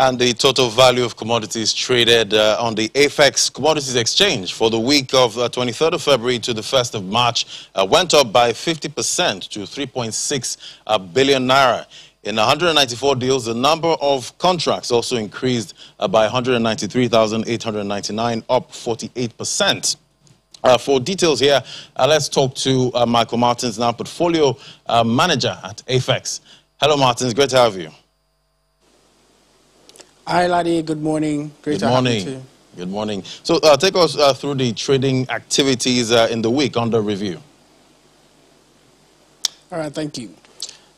and the total value of commodities traded uh, on the AFEX Commodities Exchange for the week of uh, 23rd of February to the 1st of March uh, went up by 50% to 3.6 uh, billion naira. In 194 deals, the number of contracts also increased uh, by 193,899, up 48%. Uh, for details here, uh, let's talk to uh, Michael Martins, now portfolio uh, manager at AFEX. Hello, Martins. Great to have you. Hi, laddie. Good morning. Great Good morning. Good morning. So uh, take us uh, through the trading activities uh, in the week under review. All right, thank you.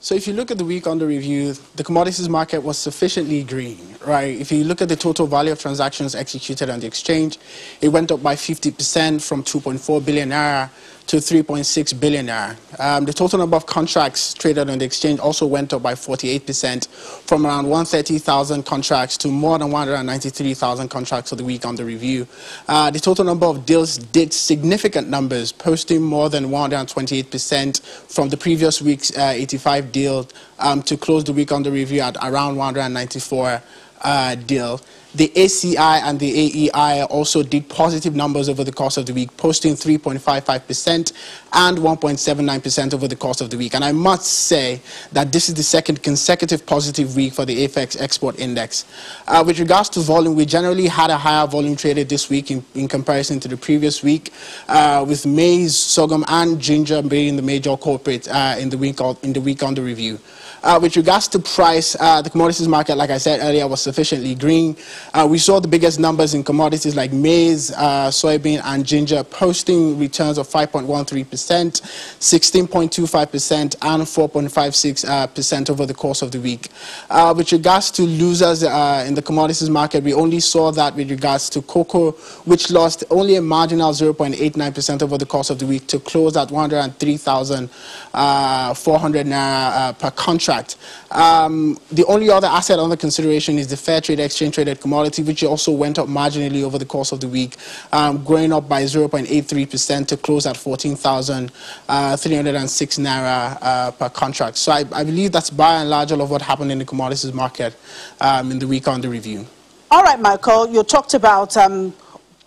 So if you look at the week under review, the commodities market was sufficiently green, right? If you look at the total value of transactions executed on the exchange, it went up by 50% from 2.4 billion naira to 3.6 billion naira. Um, the total number of contracts traded on the exchange also went up by 48% from around 130,000 contracts to more than 193,000 contracts for the week under review. Uh, the total number of deals did significant numbers, posting more than 128% from the previous week's uh, 85 deal um, to close the week under review at around 194 uh, deal. The ACI and the AEI also did positive numbers over the course of the week, posting 3.55% and 1.79% over the course of the week. And I must say that this is the second consecutive positive week for the AFEX Export Index. Uh, with regards to volume, we generally had a higher volume traded this week in, in comparison to the previous week, uh, with maize, sorghum, and ginger being the major corporate uh, in, the week of, in the week under review. Uh, with regards to price, uh, the commodities market, like I said earlier, was sufficiently green. Uh, we saw the biggest numbers in commodities like maize, uh, soybean, and ginger posting returns of 5.13%, 16.25%, and 4.56% over the course of the week. Uh, with regards to losers uh, in the commodities market, we only saw that with regards to cocoa, which lost only a marginal 0.89% over the course of the week to close at 103,400 naira per contract contract. Um, the only other asset under consideration is the fair trade exchange traded commodity, which also went up marginally over the course of the week, um, up by 0.83% to close at 14,306 uh, naira uh, per contract. So I, I, believe that's by and large all of what happened in the commodities market um, in the week under review. All right, Michael, you talked about um,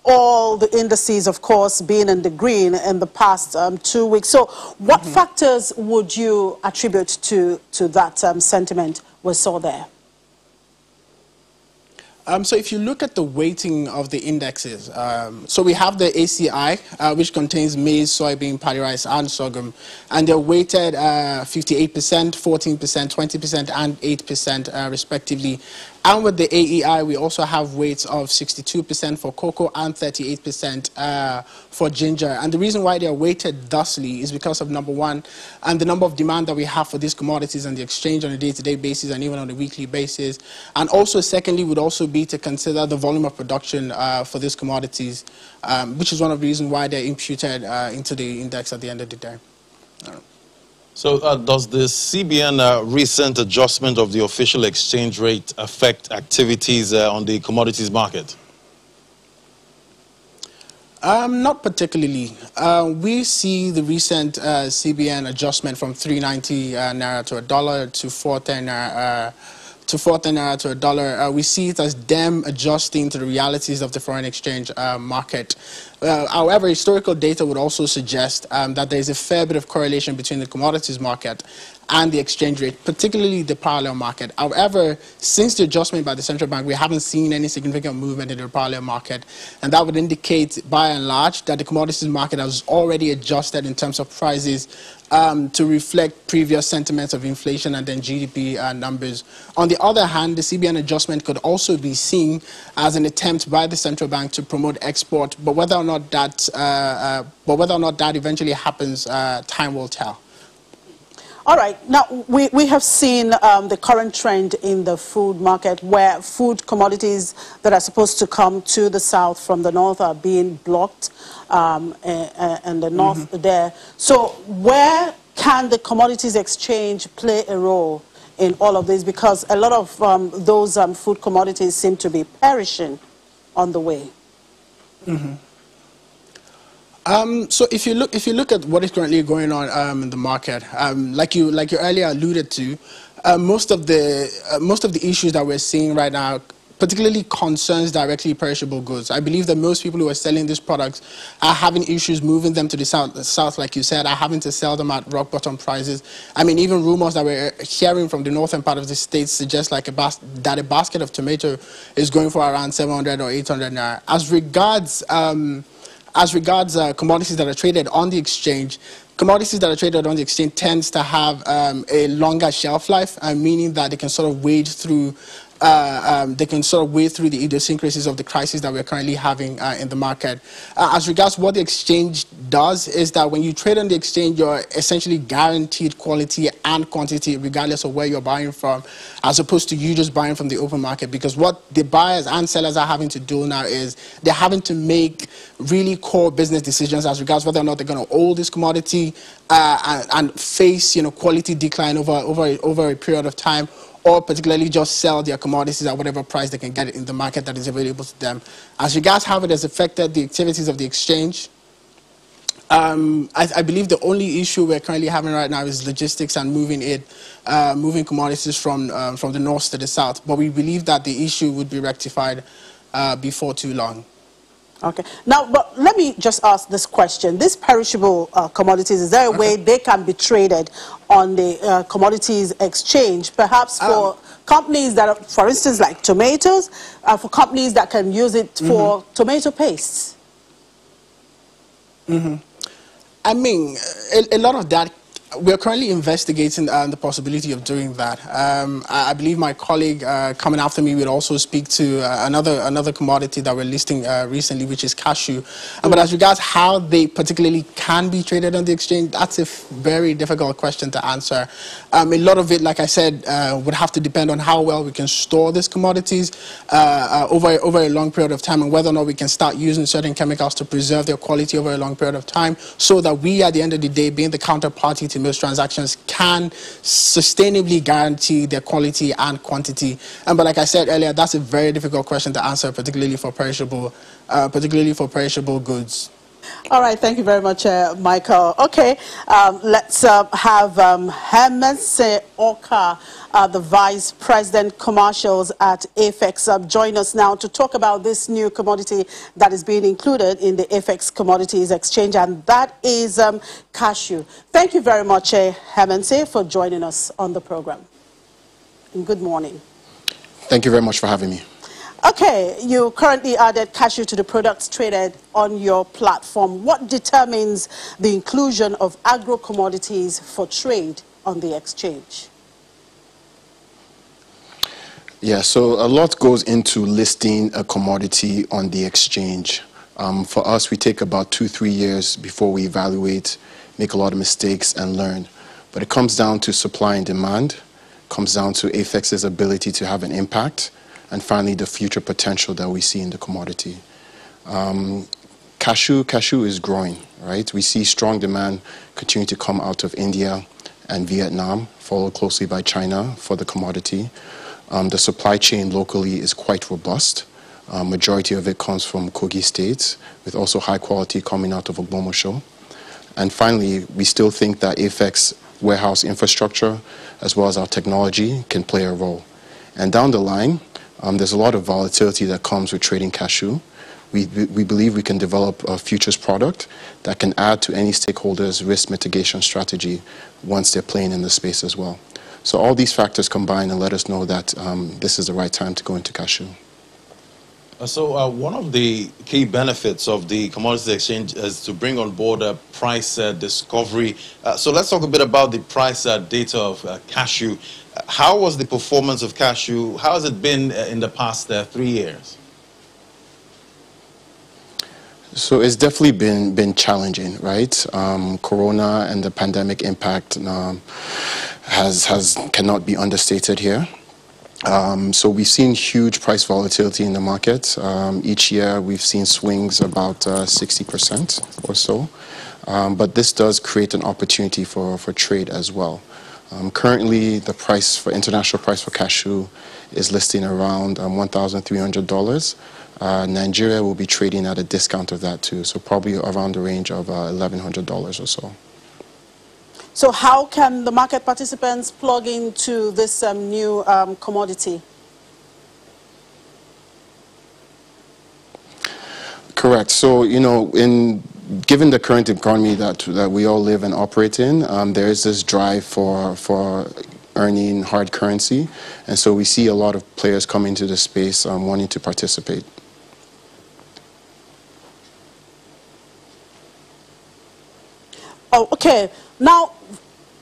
all the indices, of course, being in the green in the past um, two weeks. So what mm -hmm. factors would you attribute to, to that um, sentiment we saw there? Um, so if you look at the weighting of the indexes, um, so we have the ACI, uh, which contains maize, soybean, paddy rice, and sorghum, and they're weighted 58%, 14%, 20%, and 8% uh, respectively. And with the AEI, we also have weights of 62% for cocoa and 38% uh, for ginger. And the reason why they are weighted thusly is because of number one, and the number of demand that we have for these commodities and the exchange on a day-to-day -day basis and even on a weekly basis. And also, secondly, would also be to consider the volume of production uh, for these commodities, um, which is one of the reasons why they're imputed uh, into the index at the end of the day. So uh, does the CBN uh, recent adjustment of the official exchange rate affect activities uh, on the commodities market? Um, not particularly. Uh, we see the recent uh, CBN adjustment from 390 uh, naira to a dollar to 410 naira to 14 uh, to a dollar, uh, we see it as them adjusting to the realities of the foreign exchange uh, market. Uh, however, historical data would also suggest um, that there is a fair bit of correlation between the commodities market and the exchange rate, particularly the parallel market. However, since the adjustment by the central bank, we haven't seen any significant movement in the parallel market. And that would indicate, by and large, that the commodities market has already adjusted in terms of prices um, to reflect previous sentiments of inflation and then GDP uh, numbers. On the other hand, the CBN adjustment could also be seen as an attempt by the central bank to promote export, but whether or not that, uh, uh, but whether or not that eventually happens, uh, time will tell. All right. Now, we, we have seen um, the current trend in the food market where food commodities that are supposed to come to the south from the north are being blocked um, and, the north mm -hmm. there. So where can the commodities exchange play a role in all of this? Because a lot of um, those um, food commodities seem to be perishing on the way. Mm -hmm. Um, so if you look if you look at what is currently going on um, in the market, um, like you like you earlier alluded to, uh, most of the uh, most of the issues that we're seeing right now particularly concerns directly perishable goods. I believe that most people who are selling these products are having issues moving them to the south, the south, like you said, are having to sell them at rock bottom prices. I mean, even rumors that we're hearing from the northern part of the state suggest like a bas- that a basket of tomato is going for around 700 or 800 naira. As regards um, as regards uh, commodities that are traded on the exchange, commodities that are traded on the exchange tends to have um, a longer shelf life, uh, meaning that they can sort of wade through uh, um, they can sort of wade through the idiosyncrasies of the crisis that we're currently having uh, in the market. Uh, as regards what the exchange does is that when you trade on the exchange, you're essentially guaranteed quality and quantity regardless of where you're buying from, as opposed to you just buying from the open market. Because what the buyers and sellers are having to do now is they're having to make really core business decisions as regards whether or not they're going to own this commodity uh, and, and face you know quality decline over over over a period of time or particularly just sell their commodities at whatever price they can get it in the market that is available to them. As regards how it has affected the activities of the exchange, um, I, I, believe the only issue we're currently having right now is logistics and moving it, uh, moving commodities from, uh, from the north to the south. But we believe that the issue would be rectified uh, before too long. Okay. Now, but let me just ask this question. These perishable uh, commodities, is there a way they can be traded on the uh, commodities exchange, perhaps for um, companies that, are, for instance, like tomatoes, uh, for companies that can use it for mm -hmm. tomato pastes? Mm -hmm. I mean, a, a lot of that we are currently investigating uh, the possibility of doing that. Um, I, I, believe my colleague uh, coming after me will also speak to uh, another another commodity that we're listing uh, recently, which is cashew. Uh, but as regards how they particularly can be traded on the exchange, that's a very difficult question to answer. Um, a lot of it, like I said, uh, would have to depend on how well we can store these commodities over over a long period of time, and whether or not we can start using certain chemicals to preserve their quality over a long period of time, so that we, at the end of the day, being the counterparty to those transactions can sustainably guarantee their quality and quantity? And but like I said earlier, that's a very difficult question to answer, particularly for perishable, uh, particularly for perishable goods. All right, thank you very much, uh, Michael. Okay, um, let's uh, have um, Hermes Oka, uh, the Vice President Commercials at AFEX, um, join us now to talk about this new commodity that is being included in the AFEX Commodities Exchange, and that is um, cashew. Thank you very much, uh, Hermes, for joining us on the program. And good morning. Thank you very much for having me. Okay, you currently added cashew to the products traded on your platform. What determines the inclusion of agro commodities for trade on the exchange? Yeah, so a lot goes into listing a commodity on the exchange. Um, for us, we take about two, three years before we evaluate, make a lot of mistakes, and learn. But it comes down to supply and demand, comes down to AFEX's ability to have an impact, and finally the future potential that we see in the commodity. Um, cashew, cashew is growing, right? We see strong demand continue to come out of India and Vietnam, followed closely by China for the commodity. Um, the supply chain locally is quite robust. Uh, majority of it comes from Kogi states, with also high quality coming out of Show. And finally, we still think that AFEX warehouse infrastructure, as well as our technology, can play a role. And down the line, um, there's a lot of volatility that comes with trading cashew. We, we believe we can develop a futures product that can add to any stakeholder's risk mitigation strategy once they're playing in the space as well. So all these factors combine and let us know that um, this is the right time to go into cashew. Uh, so uh, one of the key benefits of the commodities exchange is to bring on board a price uh, discovery. Uh, so let's talk a bit about the price uh, data of uh, cashew. How was the performance of cashew? How has it been uh, in the past uh, three years? So it's definitely been been challenging, right? Um, corona and the pandemic impact um, has has cannot be understated here. Um, so we've seen huge price volatility in the market. Um, each year we've seen swings about uh, 60% or so. Um, but this does create an opportunity for, for trade as well. Um, currently, the price for international price for cashew is listing around um, $1,300. Uh, Nigeria will be trading at a discount of that too, so probably around the range of uh, $1,100 or so. So how can the market participants plug into this um, new um, commodity? Correct. So, you know, in given the current economy that, that we all live and operate in, um, there is this drive for, for earning hard currency. And so we see a lot of players come into the space um, wanting to participate. Oh, okay. Now,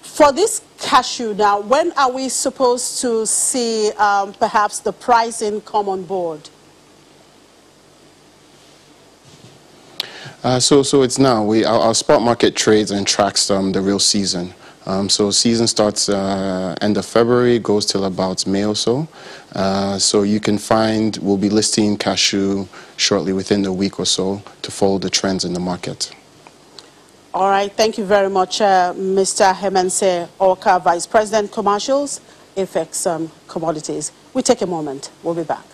for this cashew now, when are we supposed to see um, perhaps the pricing come on board? Uh, so, so it's now. We, our, our, spot market trades and tracks um, the real season. Um, so season starts uh, end of February, goes till about May or so. Uh, so you can find, we'll be listing cashew shortly within the week or so to follow the trends in the market. All right, thank you very much, uh, Mr. Hemense Orca, Vice President Commercials, FX um, Commodities. We take a moment, we'll be back.